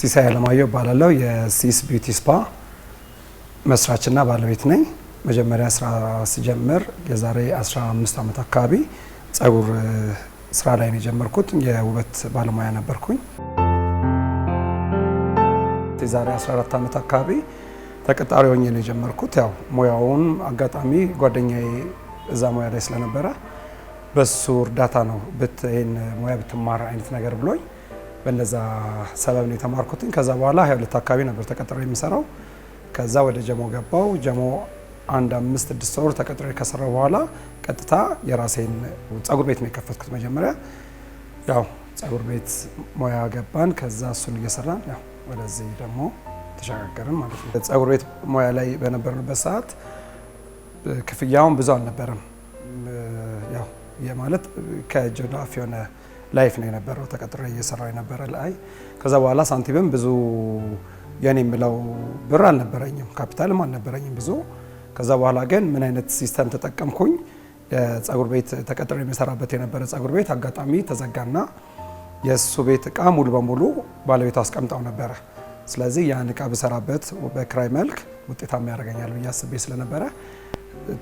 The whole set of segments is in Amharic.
ሲሳይ አለማየሁ እባላለሁ። የሲስ ቢዩቲ ስፓ መስራችና ባለቤት ነኝ። መጀመሪያ ስራ ስጀምር የዛሬ 15 ዓመት አካባቢ ጸጉር ስራ ላይ ነው የጀመርኩት። የውበት ባለሙያ ነበርኩኝ። የዛሬ 14 ዓመት አካባቢ ተቀጣሪ ሆኜ ነው የጀመርኩት። ያው ሙያውን አጋጣሚ ጓደኛዬ እዛ ሙያ ላይ ስለነበረ በሱ እርዳታ ነው ይህን ሙያ ብትማር አይነት ነገር ብሎኝ በነዛ ሰበብ ነው የተማርኩትኝ። ከዛ በኋላ ሁለት አካባቢ ነበር ተቀጥሮ የሚሰራው። ከዛ ወደ ጀሞ ገባው። ጀሞ አንድ አምስት ስድስት ወር ተቀጥሮ ከሰራው በኋላ ቀጥታ የራሴን ጸጉር ቤት ነው የከፈትኩት። መጀመሪያ ያው ጸጉር ቤት ሙያ ገባን። ከዛ እሱን እየሰራን ያው ወደዚህ ደግሞ ተሸጋገርን ማለት ነው። ጸጉር ቤት ሙያ ላይ በነበርንበት ሰዓት ክፍያውን ብዙ አልነበረም። ያው የማለት ከጆዳፍ የሆነ ላይፍ ነው የነበረው ተቀጥሮ እየሰራ የነበረ ላይ ከዛ በኋላ ሳንቲምም ብዙ የኔ የምለው ብር አልነበረኝም፣ ካፒታልም አልነበረኝም ብዙ። ከዛ በኋላ ግን ምን አይነት ሲስተም ተጠቀምኩኝ? ፀጉር ቤት ተቀጥሮ የሚሰራበት የነበረ ፀጉር ቤት አጋጣሚ ተዘጋና የእሱ ቤት እቃ ሙሉ በሙሉ ባለቤቱ አስቀምጠው ነበረ። ስለዚህ ያን እቃ ብሰራበት በክራይ መልክ ውጤታማ ያደርገኛል ብዬ አስቤ ስለነበረ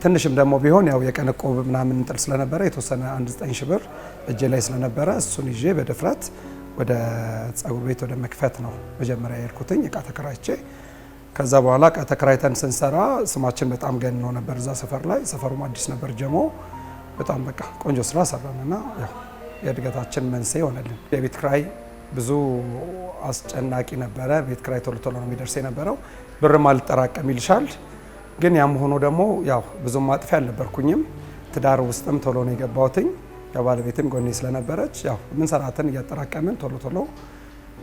ትንሽም ደግሞ ቢሆን ያው የቀን እቁብ ምናምን እንጥል ስለነበረ የተወሰነ አንድ ዘጠኝ ሺህ ብር እጄ ላይ ስለነበረ እሱን ይዤ በድፍረት ወደ ጸጉር ቤት ወደ መክፈት ነው መጀመሪያ የሄድኩትኝ እቃ ተከራይቼ። ከዛ በኋላ እቃ ተከራይተን ስንሰራ ስማችን በጣም ገንኖ ነበር እዛ ሰፈር ላይ። ሰፈሩም አዲስ ነበር ጀሞ። በጣም በቃ ቆንጆ ስራ ሰራንና የእድገታችን መንስኤ ሆነልን። የቤት ክራይ ብዙ አስጨናቂ ነበረ። ቤት ክራይ ቶሎ ቶሎ ነው የሚደርስ የነበረው። ብርም አልጠራቀም ይልሻል ግን ያም ሆኖ ደግሞ ያው ብዙም ማጥፊ አልነበርኩኝም። ትዳር ውስጥም ቶሎ ነው የገባሁትኝ። ያው ባለቤትም ጎኔ ስለነበረች ያው ምን ሰራትን እያጠራቀምን ቶሎ ቶሎ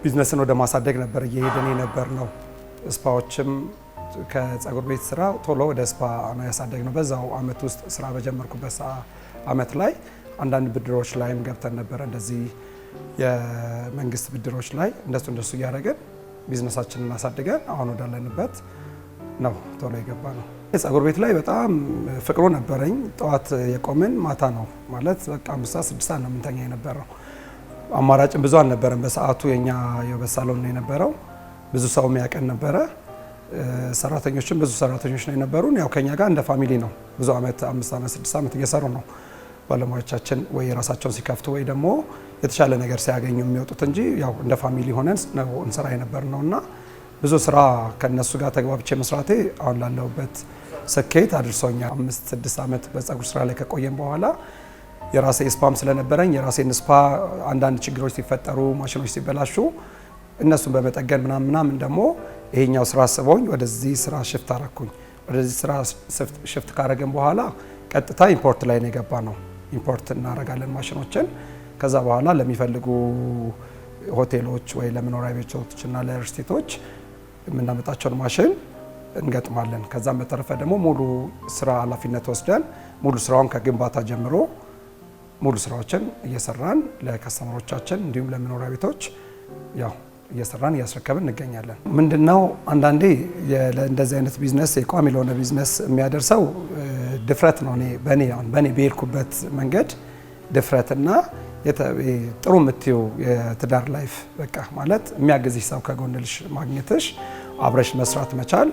ቢዝነስን ወደ ማሳደግ ነበር እየሄድን ነበር ነው። ስፓዎችም ከጸጉር ቤት ስራ ቶሎ ወደ ስፓ ነው ያሳደግ ነው። በዛው አመት ውስጥ ስራ በጀመርኩበት አመት ላይ አንዳንድ ብድሮች ላይም ገብተን ነበረ። እንደዚህ የመንግስት ብድሮች ላይ እንደሱ እንደሱ እያደረግን ቢዝነሳችንን አሳድገን አሁን ወዳለንበት ነው ቶሎ የገባ ነው። የጸጉር ቤት ላይ በጣም ፍቅሩ ነበረኝ። ጠዋት የቆምን ማታ ነው ማለት በቃ አምስት ሰዓት ስድስት ሰዓት ነው የምንተኛ የነበረው። አማራጭን ብዙ አልነበረም በሰዓቱ የኛ የውበት ሳሎን ነው የነበረው። ብዙ ሰው የሚያቀን ነበረ። ሰራተኞችን ብዙ ሰራተኞች ነው የነበሩን። ያው ከኛ ጋር እንደ ፋሚሊ ነው ብዙ አመት አምስት አመት ስድስት አመት እየሰሩ ነው ባለሙያዎቻችን ወይ የራሳቸውን ሲከፍቱ ወይ ደግሞ የተሻለ ነገር ሲያገኙ የሚወጡት እንጂ ያው እንደ ፋሚሊ ሆነን ነው እንስራ የነበር ነውና ብዙ ስራ ከነሱ ጋር ተግባብቼ መስራቴ አሁን ላለሁበት ስኬት አድርሶኛል። አምስት ስድስት ዓመት በፀጉር ስራ ላይ ከቆየም በኋላ የራሴ ስፓም ስለነበረኝ የራሴን ስፓ አንዳንድ ችግሮች ሲፈጠሩ፣ ማሽኖች ሲበላሹ እነሱን በመጠገን ምናምን ምናምን ደግሞ ይሄኛው ስራ ስበውኝ ወደዚህ ስራ ሽፍት አረኩኝ። ወደዚህ ስራ ሽፍት ካረግን በኋላ ቀጥታ ኢምፖርት ላይ ነው የገባ ነው። ኢምፖርት እናረጋለን ማሽኖችን። ከዛ በኋላ ለሚፈልጉ ሆቴሎች ወይ ለመኖሪያ ቤቶችና ለሪል ስቴቶች የምናመጣቸውን ማሽን እንገጥማለን። ከዛም በተረፈ ደግሞ ሙሉ ስራ ኃላፊነት ወስደን ሙሉ ስራውን ከግንባታ ጀምሮ ሙሉ ስራዎችን እየሰራን ለከስተመሮቻችን እንዲሁም ለመኖሪያ ቤቶች ያው እየሰራን እያስረከብን እንገኛለን። ምንድነው አንዳንዴ እንደዚህ አይነት ቢዝነስ የቋሚ ለሆነ ቢዝነስ የሚያደርሰው ድፍረት ነው። በእኔ በእኔ በሄድኩበት መንገድ ድፍረትና ጥሩ የምትይው የትዳር ላይፍ በቃ ማለት የሚያግዝሽ ሰው ከጎንልሽ ማግኘትሽ አብረሽ መስራት መቻል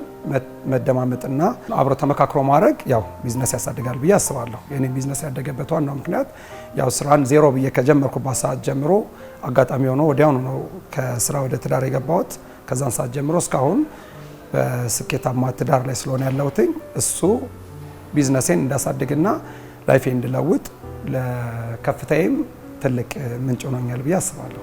መደማመጥና አብረ ተመካክሮ ማድረግ ያው ቢዝነስ ያሳድጋል ብዬ አስባለሁ። የኔ ቢዝነስ ያደገበት ዋናው ምክንያት ያው ስራን ዜሮ ብዬ ከጀመርኩባት ሰዓት ጀምሮ አጋጣሚ ሆኖ ወዲያውኑ ነው ከስራ ወደ ትዳር የገባሁት። ከዛን ሰዓት ጀምሮ እስካሁን በስኬታማ ትዳር ላይ ስለሆነ ያለሁትኝ እሱ ቢዝነሴን እንዳሳድግና ላይፌ እንድለውጥ ለከፍታዬም ትልቅ ምንጭ ሆኖኛል ብዬ አስባለሁ።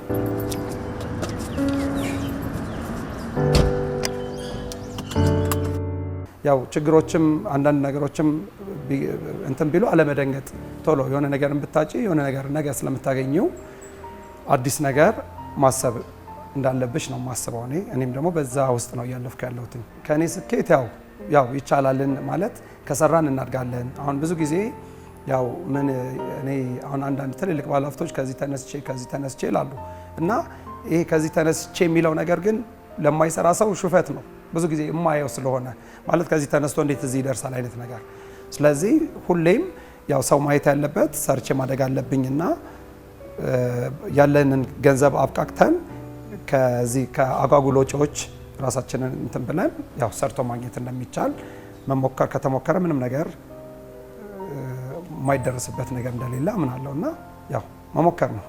ያው ችግሮችም አንዳንድ ነገሮችም እንትን ቢሉ አለመደንገጥ፣ ቶሎ የሆነ ነገር ብታጭ የሆነ ነገር ነገ ስለምታገኘው አዲስ ነገር ማሰብ እንዳለብሽ ነው ማስበው። እኔ እኔም ደግሞ በዛ ውስጥ ነው እያለፍኩ ያለሁት። ከእኔ ስኬት ያው ያው ይቻላልን ማለት ከሰራን እናድጋለን። አሁን ብዙ ጊዜ ያው ምን እኔ አሁን አንዳንድ ትልልቅ ባለሀብቶች ከዚህ ተነስቼ ከዚህ ተነስቼ ይላሉ እና ይሄ ከዚህ ተነስቼ የሚለው ነገር ግን ለማይሰራ ሰው ሹፈት ነው። ብዙ ጊዜ የማየው ስለሆነ ማለት ከዚህ ተነስቶ እንዴት እዚህ ይደርሳል አይነት ነገር። ስለዚህ ሁሌም ያው ሰው ማየት ያለበት ሰርቼ ማደግ አለብኝና ያለንን ገንዘብ አብቃቅተን ከዚህ ከአጓጉል ወጪዎች ራሳችንን እንትን ብለን ያው ሰርቶ ማግኘት እንደሚቻል መሞከር ከተሞከረ ምንም ነገር የማይደረስበት ነገር እንደሌለ አምናለሁ እና ያው መሞከር ነው።